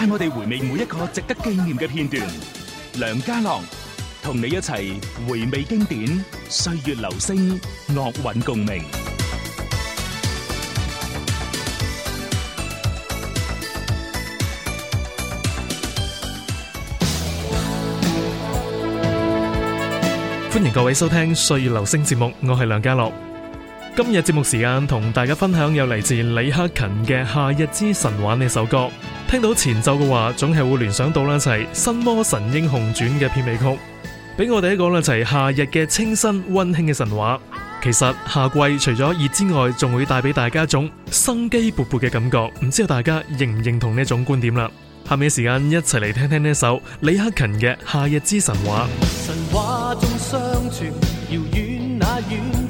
帶我哋回味每一個值得紀念嘅片段，梁家樂同你一齊回味經典歲月留聲，樂韻共鳴。歡迎各位收聽《歲月留聲》節目，我係梁家樂。今日節目時間同大家分享，有嚟自李克勤嘅《夏日之神話》呢首歌。聽到前奏嘅話，總係會聯想到啦一齊《新魔神英雄傳》嘅片尾曲。俾我哋講啦一齊《夏日嘅清新溫馨嘅神話》。其實夏季除咗熱之外，仲會帶俾大家一種生機勃勃嘅感覺。唔知道大家認唔認同呢種觀點啦？下面嘅時間一齊嚟聽聽呢首李克勤嘅《夏日之神話》。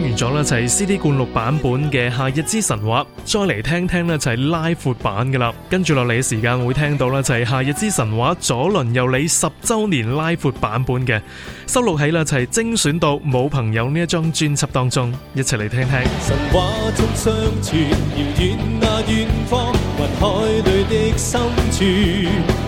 聽完咗呢就係 C D 灌錄版本嘅《夏日之神話》，再嚟聽聽呢就係拉闊版嘅啦。跟住落嚟嘅時間會聽到呢就係《夏日之神話》左麟右李十周年拉闊版本嘅收錄喺呢就係精選到冇朋友呢一張專輯當中，一齊嚟聽聽。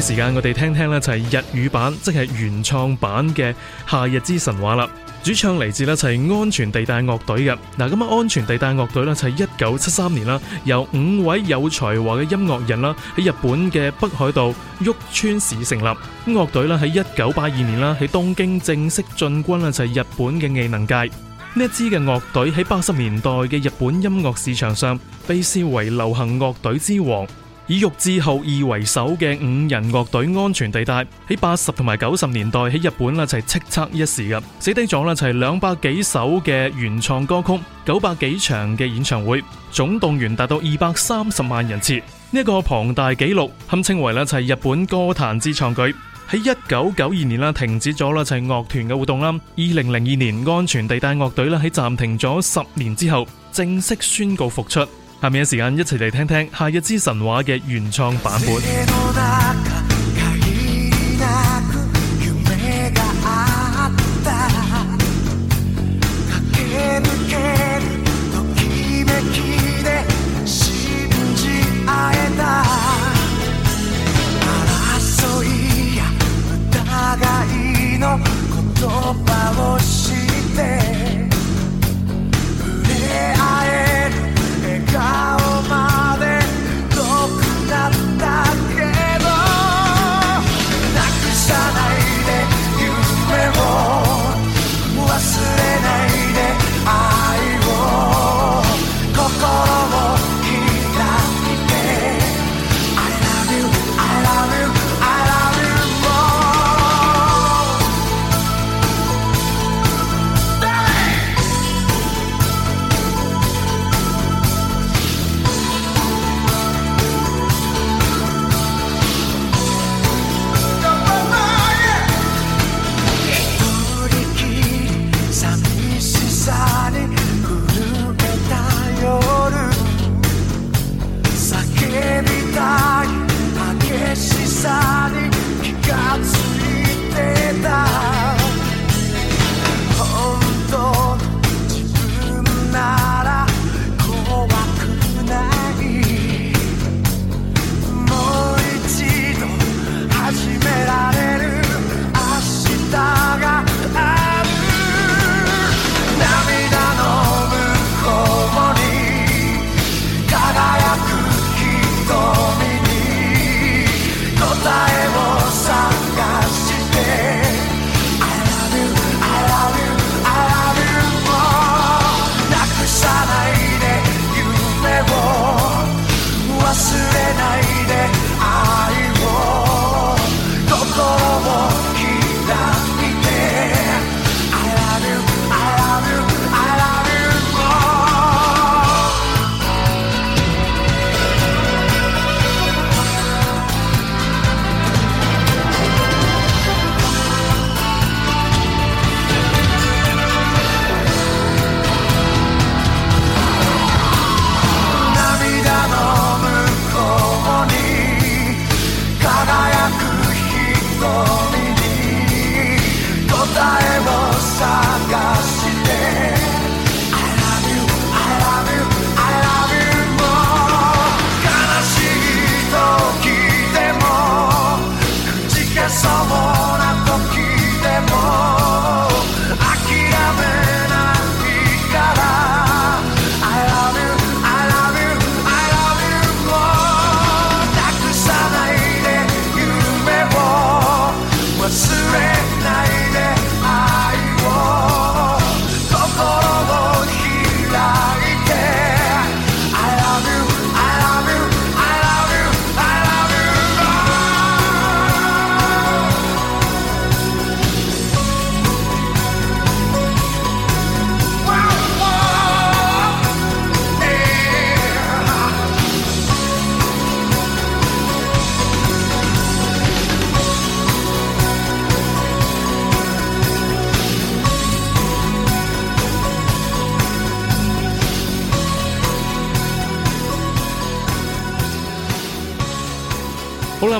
時間我哋聽聽咧就係日語版，即係原創版嘅《夏日之神話》啦。主唱嚟自，呢就係安全地帶樂隊嘅。嗱，咁啊，安全地帶樂隊呢，就係一九七三年啦，由五位有才華嘅音樂人啦喺日本嘅北海道旭川市成立。樂隊呢，喺一九八二年啦喺東京正式進軍呢就係日本嘅藝能界。呢一支嘅樂隊喺八十年代嘅日本音樂市場上被視為流行樂隊之王。以玉置浩二為首嘅五人樂隊安全地帶喺八十同埋九十年代喺日本呢就係叱咤一時噶。寫低咗呢就係兩百幾首嘅原創歌曲，九百幾場嘅演唱會，總動員達到二百三十萬人次。呢、這個龐大紀錄，堪稱為呢就係日本歌壇之創舉。喺一九九二年啦，停止咗啦，就係樂團嘅活動啦。二零零二年，安全地帶樂隊呢喺暫停咗十年之後，正式宣告复出。下面嘅時間，一齊嚟聽聽《夏日之神話》嘅原創版本。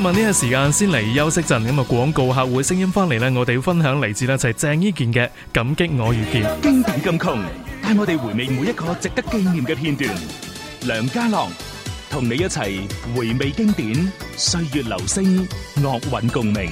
今日呢個時間先嚟休息陣，咁啊廣告客戶聲音翻嚟咧，我哋要分享嚟自咧就係鄭伊健嘅《感激我遇見》經典金曲，帶我哋回味每一個值得紀念嘅片段。梁家樂同你一齊回味經典，歲月留聲，樂韻共鳴。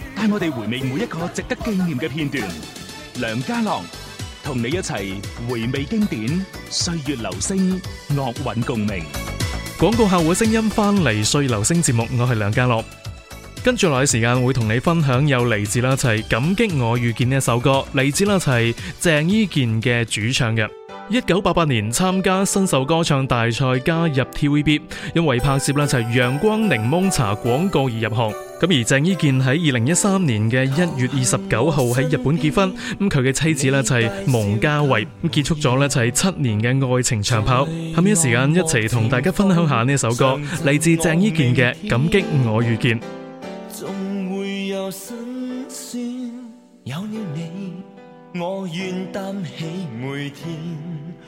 帶我哋回味每一個值得紀念嘅片段，梁家樂同你一齊回味經典，歲月留聲，樂韻共鳴。廣告客戶嘅聲音翻嚟，歲月留聲節目，我係梁家樂。跟住落嚟時間會同你分享有嚟自啦齊感激我遇見呢一首歌，嚟自啦齊鄭伊健嘅主唱人。一九八八年參加新秀歌唱大賽，加入 TVB，因為拍攝咧就係陽光檸檬茶廣告而入行。咁而鄭伊健喺二零一三年嘅一月二十九號喺日本結婚，咁佢嘅妻子咧就係蒙嘉慧。咁結束咗咧就係七年嘅愛情長跑。咁後面時間一齊同大家分享下呢首歌，嚟自鄭伊健嘅《感激我遇見》。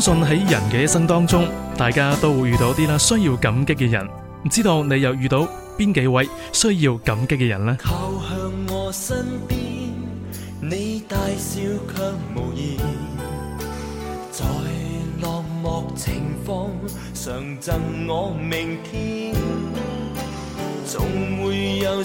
相信喺人嘅一生當中，大家都會遇到啲啦需要感激嘅人。唔知道你又遇到邊幾位需要感激嘅人天。總會有，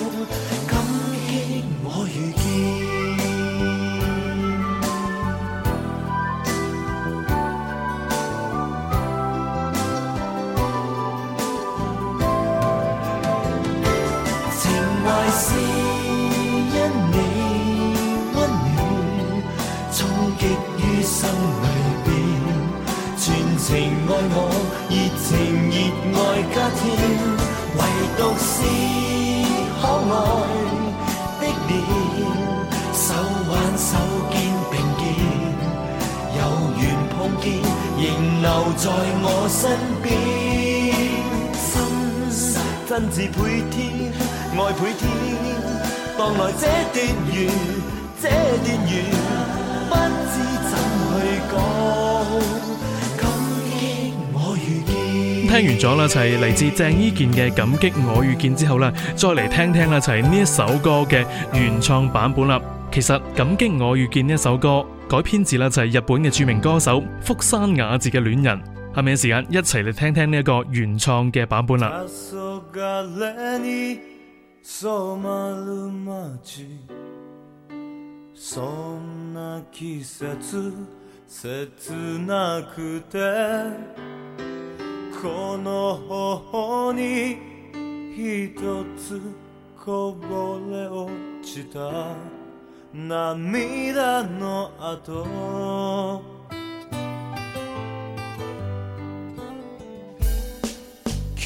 感激我遇見聽完咗啦，就係、是、嚟自鄭伊健嘅《感激我遇見》之後啦，再嚟聽聽，就係呢一首歌嘅原創版本啦。其實《感激我遇見》呢一首歌改編自啦，就係日本嘅著名歌手福山雅治嘅《戀人》。下面嘅時間，一齊嚟聽聽呢個原創嘅版本啦。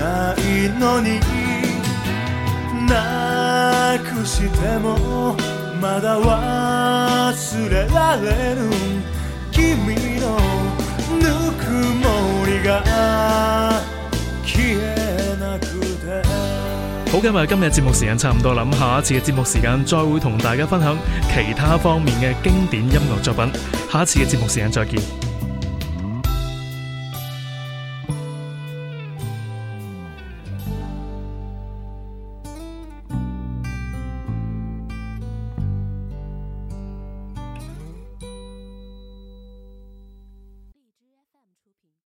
好嘅，今日節目時間差唔多啦，咁下一次嘅節目時間再會同大家分享其他方面嘅經典音樂作品，下一次嘅節目時間再見。